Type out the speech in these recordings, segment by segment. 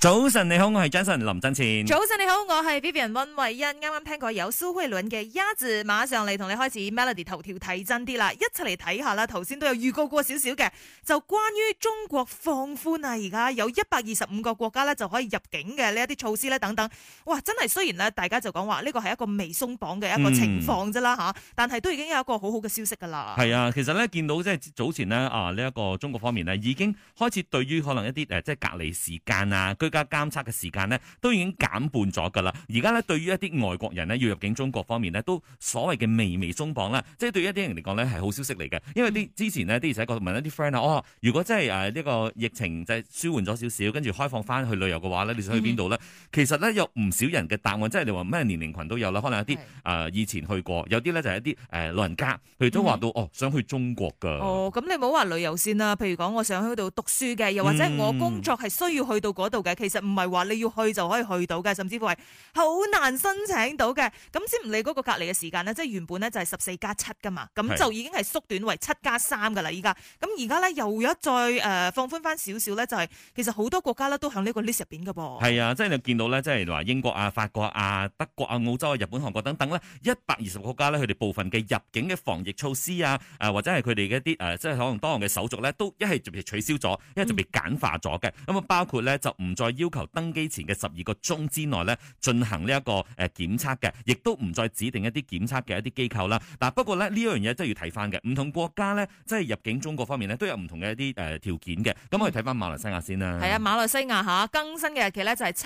早晨，你好，我係 Jason 林振前。早晨，你好，我係 Vivian 溫慧欣。啱啱聽過有蘇慧倫嘅鴨子，馬上嚟同你開始 Melody 頭條睇真啲啦，一齊嚟睇下啦。頭先都有預告過少少嘅，就關於中國放寬啊，而家有一百二十五個國家呢，就可以入境嘅呢一啲措施咧等等。哇，真係雖然咧大家就講話呢個係一個未鬆綁嘅一個情況啫啦吓，嗯、但係都已經有一個很好好嘅消息噶啦。係、嗯、啊，其實呢，見到即係早前呢，啊呢一、這個中國方面呢，已經開始對於可能一啲誒即係隔離時間啊。而家監測嘅時間呢，都已經減半咗噶啦。而家呢，對於一啲外國人呢，要入境中國方面呢，都所謂嘅微微鬆綁啦。即係對於一啲人嚟講呢，係好消息嚟嘅。因為啲之前呢，啲仔哥問一啲 friend 啊，哦，如果真係呢個疫情就係舒緩咗少少，跟住開放翻去旅遊嘅話呢，你想去邊度呢？嗯、其實呢，有唔少人嘅答案，即係你話咩年齡群都有啦。可能一啲是、呃、以前去過，有啲呢就係、是、一啲誒、呃、老人家，佢都話到、嗯、哦，想去中國㗎。哦，咁你冇話旅遊先啦。譬如講，我想去度讀書嘅，又或者我工作係需要去到嗰度嘅。嗯其實唔係話你要去就可以去到嘅，甚至乎係好難申請到嘅。咁先唔理嗰個隔離嘅時間呢，即係原本呢就係十四加七噶嘛，咁就已經係縮短為七加三噶啦。依家咁而家呢，又一再誒、呃、放寬翻少少呢，就係其實好多國家呢都喺呢個 list 入邊嘅噃。係啊，即係你見到呢，即係話英國啊、法國啊、德國啊、澳洲啊、日本、韓國等等呢，一百二十個國家呢，佢哋部分嘅入境嘅防疫措施啊，誒、呃、或者係佢哋嘅一啲誒、呃，即係可能當日嘅手續呢，都一係被取消咗，一係被簡化咗嘅。咁啊、嗯，包括呢，就唔再，要求登機前嘅十二個鐘之內咧，進行呢一個誒檢測嘅，亦都唔再指定一啲檢測嘅一啲機構啦。嗱，不過咧，呢樣嘢都要睇翻嘅，唔同國家咧，即係入境中國方面咧，都有唔同嘅一啲誒條件嘅。咁我哋睇翻馬來西亞先啦。係、嗯、啊，馬來西亞吓更新嘅日期咧就係七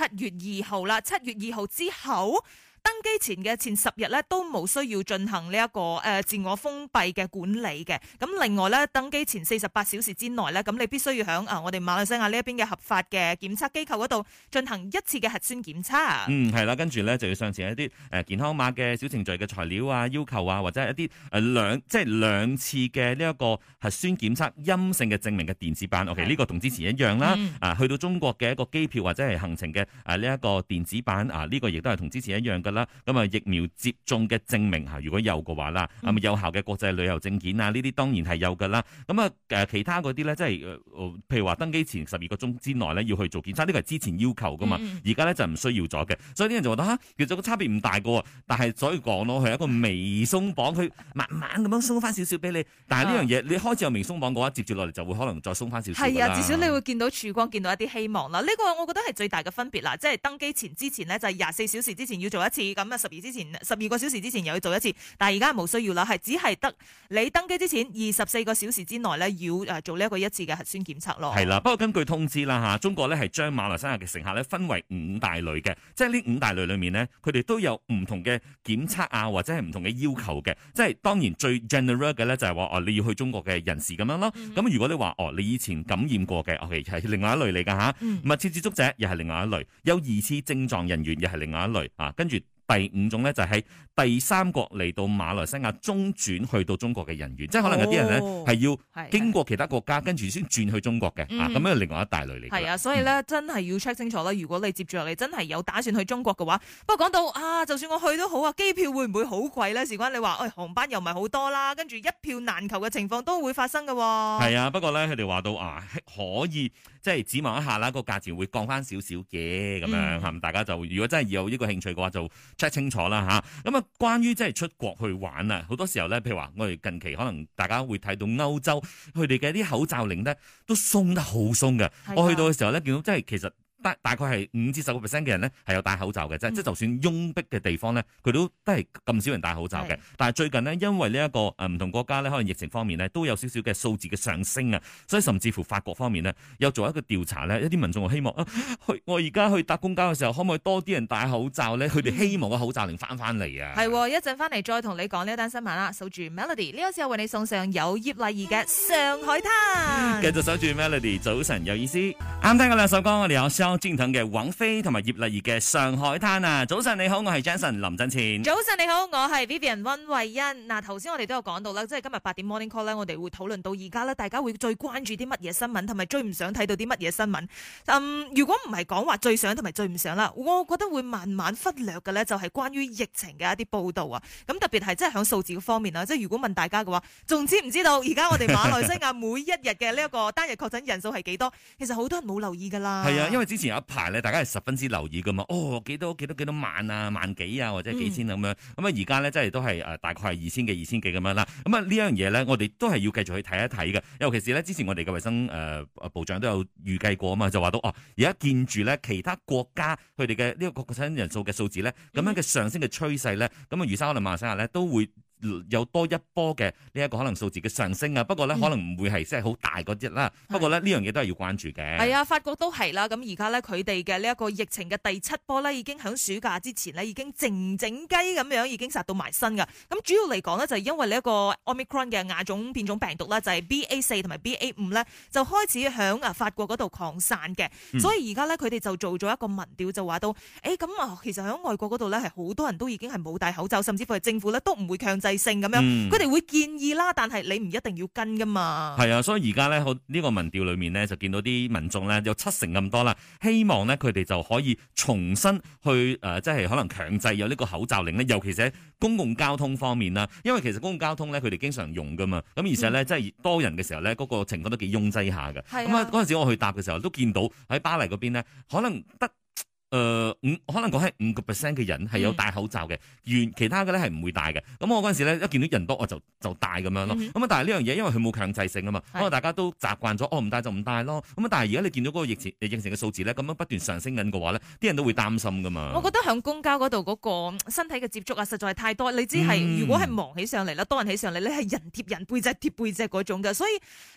月二號啦，七月二號之後。登機前嘅前十日咧都冇需要進行呢、這、一個誒、呃、自我封閉嘅管理嘅。咁另外咧登機前四十八小時之內咧，咁你必須要響啊我哋馬來西亞呢一邊嘅合法嘅檢測機構嗰度進行一次嘅核酸檢測。嗯，係啦，跟住咧就要上傳一啲誒健康碼嘅小程序嘅材料啊、要求啊，或者係一啲誒兩即係兩次嘅呢一個核酸檢測陰性嘅證明嘅電子版。OK，呢個同之前一樣啦。嗯、啊，去到中國嘅一個機票或者係行程嘅誒呢一個電子版啊，呢、這個亦都係同之前一樣嘅。啦，咁啊疫苗接種嘅證明嚇，如果有嘅話啦，咁、嗯、有效嘅國際旅遊證件啊，呢啲當然係有噶啦。咁啊誒其他嗰啲咧，即係譬如話登機前十二個鐘之內咧要去做檢測，呢個係之前要求噶嘛。而家咧就唔需要咗嘅，嗯、所以啲人就覺得吓、啊，其實個差別唔大噶，但係所以講咯，係一個微鬆綁，佢慢慢咁樣鬆翻少少俾你。但係呢樣嘢你開始有微鬆綁嘅話，接住落嚟就會可能再鬆翻少少。係啊、嗯，至少你會見到曙光，見到一啲希望啦。呢個我覺得係最大嘅分別啦，即係登機前之前呢，就係廿四小時之前要做一次。咁啊，十二之前十二個小時之前又要做一次，但係而家係冇需要啦，係只係得你登機之前二十四個小時之內咧，要誒做呢一個一次嘅核酸檢測咯。係啦，不過根據通知啦吓，中國咧係將馬來西亞嘅乘客咧分為五大類嘅，即係呢五大類裡面呢，佢哋都有唔同嘅檢測啊，或者係唔同嘅要求嘅。即係當然最 general 嘅咧就係話哦，你要去中國嘅人士咁樣咯。咁、mm hmm. 如果你話哦，你以前感染過嘅、mm hmm.，OK 係另外一類嚟㗎吓，mm hmm. 密切接觸者又係另外一類，有疑似症狀人員又係另外一類啊，跟住。第五種咧就係、是、第三國嚟到馬來西亞中轉去到中國嘅人員，即係可能有啲人咧係、哦、要經過其他國家，的跟住先轉去中國嘅，嚇咁、嗯、樣另外一大類嚟嘅。係啊，所以咧真係要 check 清楚啦。如果你接住落嚟真係有打算去中國嘅話，嗯、不過講到啊，就算我去都好啊，機票會唔會好貴咧？事關你話，誒、哎、航班又唔係好多啦，跟住一票難求嘅情況都會發生㗎喎。係啊，不過咧佢哋話到啊，可以。即係指望一下啦，個價錢會降翻少少嘅。咁樣、嗯、大家就如果真係有呢個興趣嘅話，就 check 清楚啦吓，咁啊，關於即係出國去玩啊，好多時候咧，譬如話我哋近期可能大家會睇到歐洲佢哋嘅啲口罩令咧都鬆得好鬆嘅，是的 我去到嘅時候咧，見到即係其實。大概係五至十個 percent 嘅人咧，係有戴口罩嘅啫。即係、嗯、就算擁逼嘅地方咧，佢都都係咁少人戴口罩嘅。是的 但係最近呢，因為呢、這、一個誒唔、呃、同國家咧，可能疫情方面咧都有少少嘅數字嘅上升啊。所以甚至乎法國方面呢，有做一個調查呢。一啲民眾希望、啊啊、我而家去搭公交嘅時候，可唔可以多啲人戴口罩咧？佢哋希望個口罩能翻翻嚟啊！係，一陣翻嚟再同你講呢單新聞啦。守住 Melody，呢個時候，為你送上有葉麗儀嘅《上海灘》，繼續守住 Melody，早晨有意思。啱 聽嗰兩首歌，我哋有正筒嘅王菲同埋葉麗儀嘅《上海灘》啊！早晨你好，我係 Jason 林振前。早晨你好，我係 Vivian 溫慧欣。嗱，頭先我哋都有講到啦，即係今日八點 morning call 咧，我哋會討論到而家咧，大家會最關注啲乜嘢新聞，同埋最唔想睇到啲乜嘢新聞。嗯，如果唔係講話最想同埋最唔想啦，我覺得會慢慢忽略嘅咧，就係關於疫情嘅一啲報道啊。咁特別係即係響數字方面啊，即係如果問大家嘅話，仲知唔知道而家我哋馬來西亞每一日嘅呢一個單日確診人數係幾多？ 其實好多人冇留意噶啦。係啊，因為之前有一排咧，大家係十分之留意噶嘛，哦幾多幾多幾多，幾多萬啊萬幾啊或者幾千咁樣，咁啊而家咧真係都係誒大概係二千幾二千幾咁樣啦，咁啊呢樣嘢咧，我哋都係要繼續去睇一睇嘅，尤其是咧之前我哋嘅衞生誒、呃、部長都有預計過啊嘛，就話到哦而家見住咧其他國家佢哋嘅呢個確診人數嘅數字咧，咁樣嘅上升嘅趨勢咧，咁啊預生可能馬來西亞咧都會有多一波嘅呢一個可能數字嘅上升啊，不過咧、嗯、可能唔會係即係好大嗰啲啦。不過咧呢是呢樣嘢都係要關注嘅。係啊，法國都係啦。咁而家咧佢哋嘅呢一個疫情嘅第七波咧，已經喺暑假之前呢，已經靜靜雞咁樣已經殺到埋身㗎。咁主要嚟講呢，就係因為呢一個 Omicron 嘅亞種變種病毒咧，就係 B A 四同埋 B A 五咧，就開始喺啊法國嗰度擴散嘅。所以而家咧佢哋就做咗一個民調，就話到，誒咁啊，其實喺外國嗰度咧係好多人都已經係冇戴口罩，甚至乎係政府咧都唔會強制。性咁樣佢哋會建議啦，但係你唔一定要跟噶嘛。係啊，所以而家咧，好呢個民調裏面咧，就見到啲民眾咧有七成咁多啦，希望咧佢哋就可以重新去、呃、即係可能強制有呢個口罩令咧，尤其係喺公共交通方面啦，因為其實公共交通咧佢哋經常用噶嘛，咁而且咧、嗯、即係多人嘅時候咧，嗰、那個情況都幾擁擠下嘅。咁啊的，嗰陣時我去搭嘅時候都見到喺巴黎嗰邊咧，可能得。誒五、呃、可能講係五個 percent 嘅人係有戴口罩嘅，而、嗯、其他嘅咧係唔會戴嘅。咁我嗰陣時咧一見到人多我就就戴咁樣咯。咁啊、嗯，但係呢樣嘢因為佢冇強制性啊嘛，是可能大家都習慣咗，哦唔戴就唔戴咯。咁但係而家你見到嗰個疫情疫情嘅數字咧咁樣不斷上升緊嘅話咧，啲人都會擔心㗎嘛。我覺得喺公交嗰度嗰個身體嘅接觸啊，實在係太多。你知係、嗯、如果係忙起上嚟啦，多人起上嚟，你係人貼人背脊貼，貼背脊嗰種嘅，所以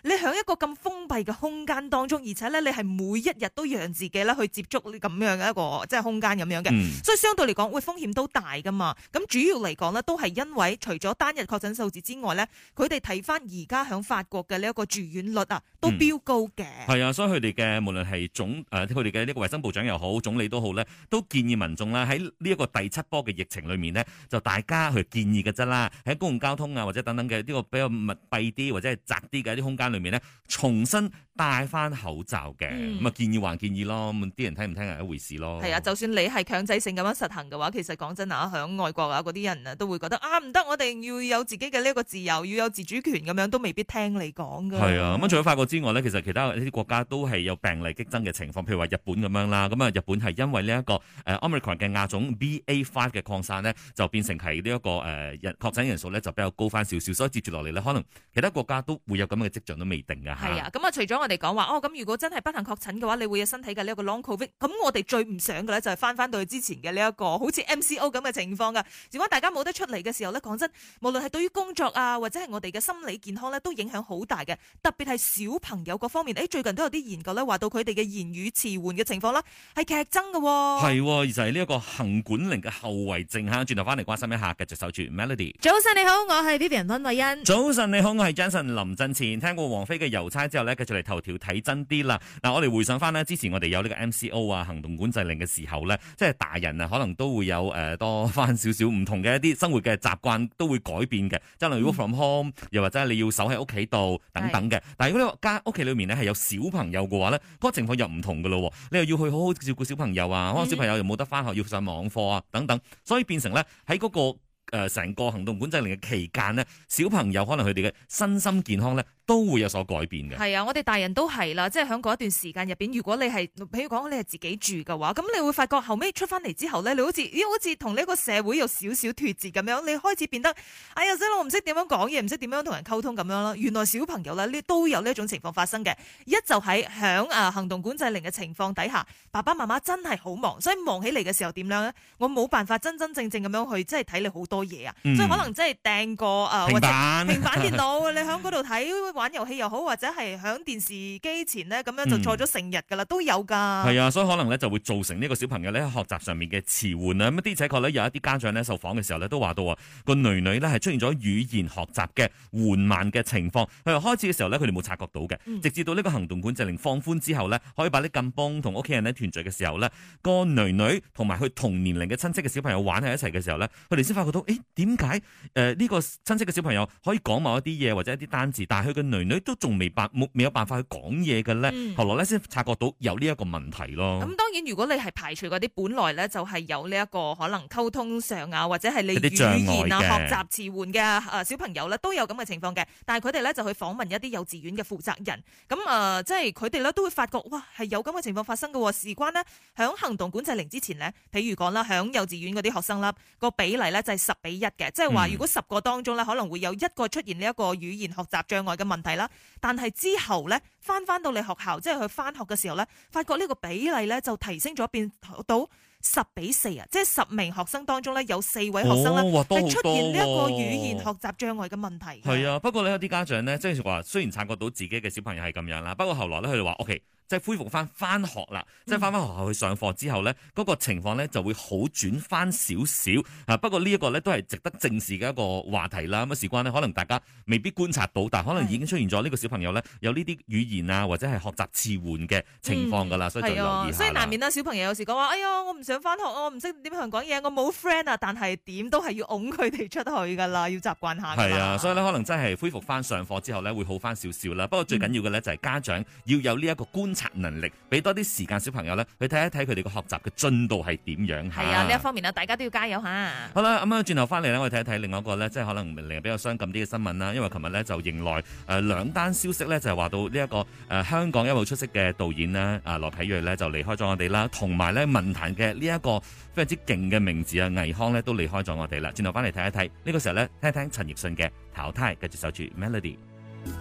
你喺一個咁封閉嘅空間當中，而且咧你係每一日都讓自己咧去接觸咁樣嘅一個。即係空間咁樣嘅，所以相對嚟講，會風險都大噶嘛。咁主要嚟講呢，都係因為除咗單日確診數字之外呢，佢哋睇翻而家響法國嘅呢一個住院率啊，都飆高嘅。係啊，所以佢哋嘅無論係總誒，佢哋嘅呢個衛生部長又好，總理都好呢，都建議民眾啦，喺呢一個第七波嘅疫情裏面呢，就大家去建議嘅啫啦。喺公共交通啊，或者等等嘅呢個比較密閉啲或者係窄啲嘅一啲空間裏面呢，重新戴翻口罩嘅。咁啊，嗯，建議還建議咯，啲人聽唔聽係一回事咯。係啊，就算你係強制性咁樣實行嘅話，其實講真啊，喺外國啊，嗰啲人啊都會覺得啊唔得，我哋要有自己嘅呢一個自由，要有自主權咁樣，都未必聽你講噶。係啊，咁除咗法國之外呢，其實其他呢啲國家都係有病例激增嘅情況，譬如話日本咁樣啦，咁啊日本係因為呢、這、一個誒、呃、Omicron 嘅亞種 BA five 嘅擴散呢，就變成係呢一個誒人、呃、確診人數咧就比較高翻少少，所以接住落嚟咧，可能其他國家都會有咁嘅跡象都未定噶嚇。啊，咁、嗯、啊，除咗我哋講話哦，咁如果真係不幸確診嘅話，你會有身體嘅呢個 Long COVID，咁我哋最唔想嘅咧就係翻翻到去之前嘅呢一個好似 MCO 咁嘅情況噶。如果大家冇得出嚟嘅時候呢，講真，無論係對於工作啊，或者係我哋嘅心理健康呢，都影響好大嘅。特別係小朋友各方面，誒、欸、最近都有啲研究呢，話到佢哋嘅言語遲緩嘅情況啦，係劇增嘅、哦。係、哦，就係呢一個行管令嘅後遺症嚇。轉頭翻嚟關心一下繼續守住 Melody。早晨你好，我係 Vivian 温慧欣。早晨你好，我係 Jason 林振前。聽過王菲嘅郵差之後呢，繼續嚟頭條睇真啲啦。嗱，我哋回想翻呢之前我們、啊，我哋有呢個 MCO 啊行動管制嘅時候咧，即係大人啊，可能都會有、呃、多翻少少唔同嘅一啲生活嘅習慣都會改變嘅。即係例如 from home，又或者係你要守喺屋企度等等嘅。但係如果你家屋企裏面咧係有小朋友嘅話咧，嗰、嗰個情況又唔同嘅咯。你又要去好好照顧小朋友啊，可能小朋友又冇得返學，要上網課啊等等，所以變成咧喺嗰個。誒，成個行動管制令嘅期間咧，小朋友可能佢哋嘅身心健康咧都會有所改變嘅。係啊，我哋大人都係啦，即係響嗰一段時間入邊，如果你係，譬如講你係自己住嘅話，咁你會發覺後尾出翻嚟之後咧，你好似，咦、呃，好似同呢個社會有少少脫節咁樣，你開始變得，哎呀，仔女我唔識點樣講嘢，唔識點樣同人溝通咁樣啦。原來小朋友咧，呢都有呢一種情況發生嘅。一就喺響誒行動管制令嘅情況底下，爸爸媽媽真係好忙，所以忙起嚟嘅時候點樣咧，我冇辦法真真正正咁樣去，即係睇你好多嘢啊，所以可能真係掟個誒平板平板電腦你喺嗰度睇玩遊戲又好，或者係喺電視機前呢，咁樣就坐咗成日噶啦，都有㗎。係啊，所以可能呢就會造成呢個小朋友呢喺學習上面嘅遲緩啊。咁啲的確呢，有一啲家長呢受訪嘅時候呢都話到啊，個女女呢係出現咗語言學習嘅緩慢嘅情況。佢話開始嘅時候呢，佢哋冇察覺到嘅，直至到呢個行動管制令放寬之後呢，可以把啲近幫同屋企人呢團聚嘅時候呢，個女女同埋佢同年齡嘅親戚嘅小朋友玩喺一齊嘅時候呢，佢哋先發覺到。誒，點解誒呢個親戚嘅小朋友可以講某一啲嘢，或者一啲單字？但係佢嘅女女都仲未辦，冇未有辦法去講嘢嘅咧？嗯、後來咧先察覺到有呢一個問題咯。咁、嗯、當然，如果你係排除嗰啲本來咧就係、是、有呢、這、一個可能溝通上啊，或者係你語言啊、的學習遲緩嘅誒小朋友咧，都有咁嘅情況嘅。但係佢哋咧就去訪問一啲幼稚園嘅負責人，咁誒、呃、即係佢哋咧都會發覺，哇係有咁嘅情況發生嘅、哦。事關呢，響行動管制令之前呢，譬如講啦，響幼稚園嗰啲學生啦，個比例咧就係、是、十。比一嘅，即係話如果十個當中咧，可能會有一個出現呢一個語言學習障礙嘅問題啦。但係之後咧，翻翻到嚟學校，即係去翻學嘅時候咧，發覺呢個比例咧就提升咗，變到十比四啊,即係十名學生當中咧有四位學生咧係出現呢一個語言學習障礙嘅問、哦哦、問題。係啊，不過咧有啲家長咧即係話，雖然察覺到自己嘅小朋友係咁樣啦，不過後來咧佢哋話 O K。OK。即係恢復翻翻學啦，即係翻翻學校去上課之後呢，嗰、那個情況呢就會好轉翻少少。不過呢一個呢都係值得正視嘅一個話題啦。咁事關呢，可能大家未必觀察到，但可能已經出現咗呢個小朋友呢，有呢啲語言啊或者係學習遲緩嘅情況㗎啦，嗯、所以就要留意下。所以難免啦，小朋友有時講話，哎呀，我唔想翻學，我唔識點樣講嘢，我冇 friend 啊。但係點都係要擁佢哋出去㗎啦，要習慣下。係啊，所以呢，可能真係恢復翻上課之後呢，會好翻少少啦。不過最緊要嘅呢，就係家長要有呢一個觀察能力，俾多啲時間小朋友咧，去睇一睇佢哋嘅學習嘅進度係點樣吓。係啊，呢一哈方面啊，大家都要加油吓，好啦，咁啊，轉頭翻嚟呢，我哋睇一睇另外一個呢，即係可能令人比較傷感啲嘅新聞啦。因為琴日呢，就迎來誒、呃、兩單消息呢，就係、是、話到呢、這、一個誒、呃、香港一路出色嘅導演咧，啊、呃、羅啟銳咧就離開咗我哋啦，同埋呢，文壇嘅呢一個非常之勁嘅名字啊倪匡呢，都離開咗我哋啦。轉頭翻嚟睇一睇，呢、這個時候咧，聽一聽陳奕迅嘅淘汰，繼續守住 Melody。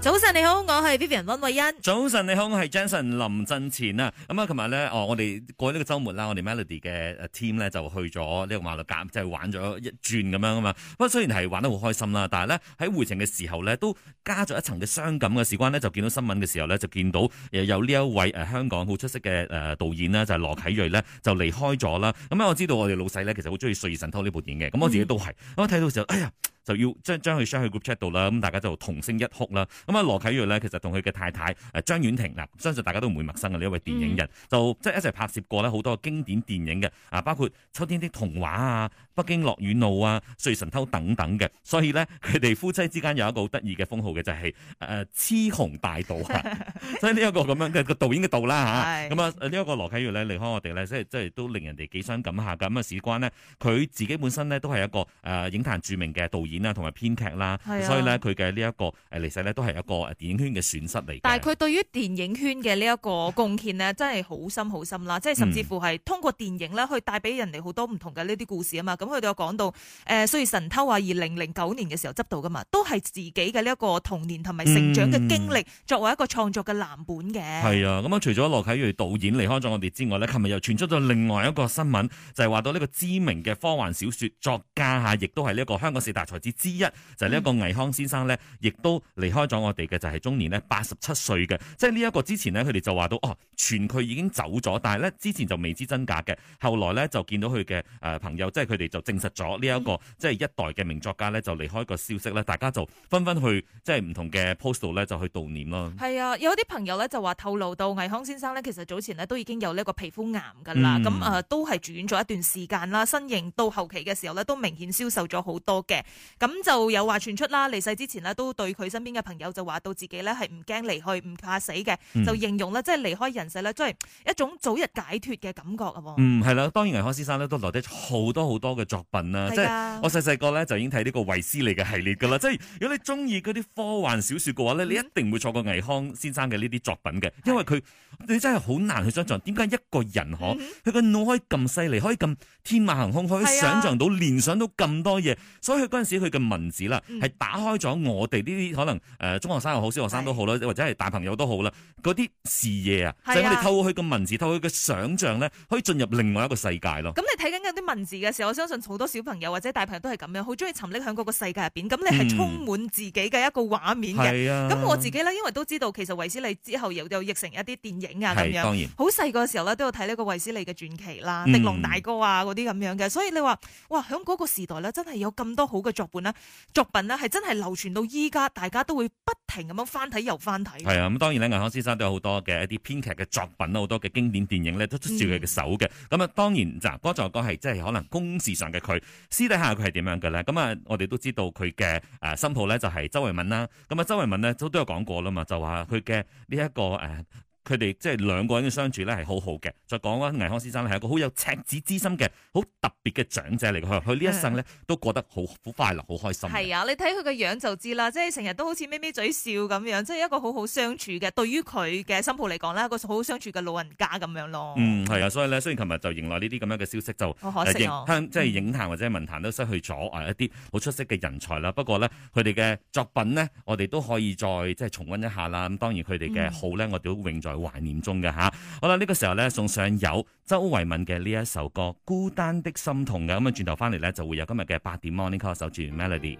早晨你好，我係 Vivian 溫慧欣。早晨你好，我係 Jason 林振前啊。咁啊，琴日咧，哦，我哋過呢個周末啦，我哋 Melody 嘅 team 咧就去咗呢個馬六甲，即係玩咗一轉咁樣啊嘛。不過雖然係玩得好開心啦，但係咧喺回程嘅時候咧，都加咗一層嘅傷感嘅事光咧，就見到新聞嘅時候咧，就見到誒有呢一位誒香港好出色嘅誒導演啦就羅啟銳咧就離開咗啦。咁咧我知道我哋老細咧其實好中意《歲月神偷》呢部電影嘅，咁我自己都係。我睇、嗯、到時候，哎呀！就要將將佢 share 喺 group chat 度啦，咁大家就同聲一哭啦。咁啊，羅啟銳咧，其實同佢嘅太太誒張婉婷嗱，相信大家都唔會陌生嘅呢一位電影人，嗯、就即係一齊拍攝過咧好多經典電影嘅啊，包括《秋天的童話》啊，《北京樂與怒》啊，《歲月神偷》等等嘅。所以咧，佢哋夫妻之間有一個好得意嘅封號嘅，就係、是、誒、呃、雌雄大導啊。 所以呢一個咁樣嘅個導演嘅導啦吓。咁啊呢一個羅啟銳咧離開我哋咧，即係即係都令人哋幾傷感下噶。咁啊，事關呢，佢自己本身呢，都係一個誒影壇著名嘅導演。同埋編劇啦，所以咧佢嘅呢一個誒離世咧，都係一個電影圈嘅損失嚟。但係佢對於電影圈嘅呢一個貢獻呢，真係好深好深啦，即係甚至乎係通過電影咧，去帶俾人哋好多唔同嘅呢啲故事啊嘛。咁佢哋有講到誒、呃，所以神偷啊，二零零九年嘅時候執導噶嘛，都係自己嘅呢一個童年同埋成長嘅經歷、嗯、作為一個創作嘅藍本嘅。係、嗯、啊，咁、嗯、啊，除咗羅啟銳導演離開咗我哋之外呢，琴日又傳出咗另外一個新聞，就係、是、話到呢個知名嘅科幻小説作家下亦都係呢一個香港四大才之一就係呢一個魏康先生呢，亦都離開咗我哋嘅，就係終年呢，八十七歲嘅。即係呢一個之前呢，佢哋就話到哦，傳佢已經走咗，但係呢之前就未知真假嘅。後來呢，就見到佢嘅、呃、朋友，即係佢哋就證實咗呢一個、嗯、即係一代嘅名作家呢，就離開個消息呢，大家就紛紛去即係唔同嘅 post 呢就去悼念囉。係啊，有啲朋友呢，就話透露到魏康先生呢，其實早前呢，都已經有呢個皮膚癌㗎啦。咁、嗯呃、都係住院咗一段時間啦，身形到後期嘅時候呢，都明顯消瘦咗好多嘅。咁就有話傳出啦，離世之前呢，都對佢身邊嘅朋友就話到自己咧係唔驚離去，唔怕死嘅，就形容咧即係離開人世咧，即係一種早日解脫嘅感覺啊！嗯，係啦，當然倪匡先生咧都留低咗好多好多嘅作品啦、啊，的即係我細細個咧就已經睇呢個維斯利嘅系列㗎啦，的即係如果你中意嗰啲科幻小說嘅話咧，嗯、你一定會錯過倪匡先生嘅呢啲作品嘅，因為佢的你真係好難去想像點解一個人嗬，佢個、嗯、腦可以咁犀利，可以咁天馬行空，可以想像到、聯的想到咁多嘢，所以佢嗰時。佢嘅文字啦，係打開咗我哋呢啲可能誒中學生又好，小學生都好啦，或者係大朋友都好啦，嗰啲視野啊，就係我哋透過佢嘅文字，啊、透過佢嘅想像咧，可以進入另外一個世界咯。咁你睇緊嗰啲文字嘅時候，我相信好多小朋友或者大朋友都係咁樣，好中意沉溺響嗰個世界入邊。咁你係充滿自己嘅一個畫面嘅。咁、啊、我自己咧，因為都知道其實衛斯理之後又有譯成一啲電影啊咁樣。當然。好細個嘅時候咧，都有睇呢個衛斯理嘅傳奇啦，狄龍大哥啊嗰啲咁樣嘅。所以你話哇，響嗰個時代咧，真係有咁多好嘅作品。啦作品咧，係真係流傳到依家，大家都會不停咁樣翻睇又翻睇。係啊，咁當然咧，倪匡先生都有好多嘅一啲編劇嘅作品，好多嘅經典電影咧都出自佢嘅手嘅。咁啊、嗯，當然嗱，哥作哥係即係可能公事上嘅佢，私底下佢係點樣嘅咧？咁啊，我哋都知道佢嘅誒心抱咧就係周慧敏啦。咁啊，周慧敏呢，都都有講過啦嘛，就話佢嘅呢一個誒。呃佢哋即係兩個人嘅相處咧係好好嘅。再講啦，倪康先生咧係一個好有赤子之心嘅、好特別嘅長者嚟。佢呢一生咧都過得好好快樂、好開心。係啊，你睇佢嘅樣就知啦，即係成日都好似咪咪嘴笑咁樣，即係一個好好相處嘅。對於佢嘅心抱嚟講呢，一個好好相處嘅老人家咁樣咯。嗯，係啊，所以呢，雖然琴日就迎來呢啲咁樣嘅消息，就可惜，即、啊、係、就係、影壇或者文壇都失去咗啊一啲好出色嘅人才啦。不過呢，佢哋嘅作品呢，我哋都可以再即係重溫一下啦。咁當然佢哋嘅好呢，我哋都永在。懷念中嘅吓，好啦，呢、這個時候咧送上有周慧敏嘅呢一首歌《孤單的心痛》嘅，咁啊轉頭翻嚟咧就會有今日嘅八點 morning call 首主 melody。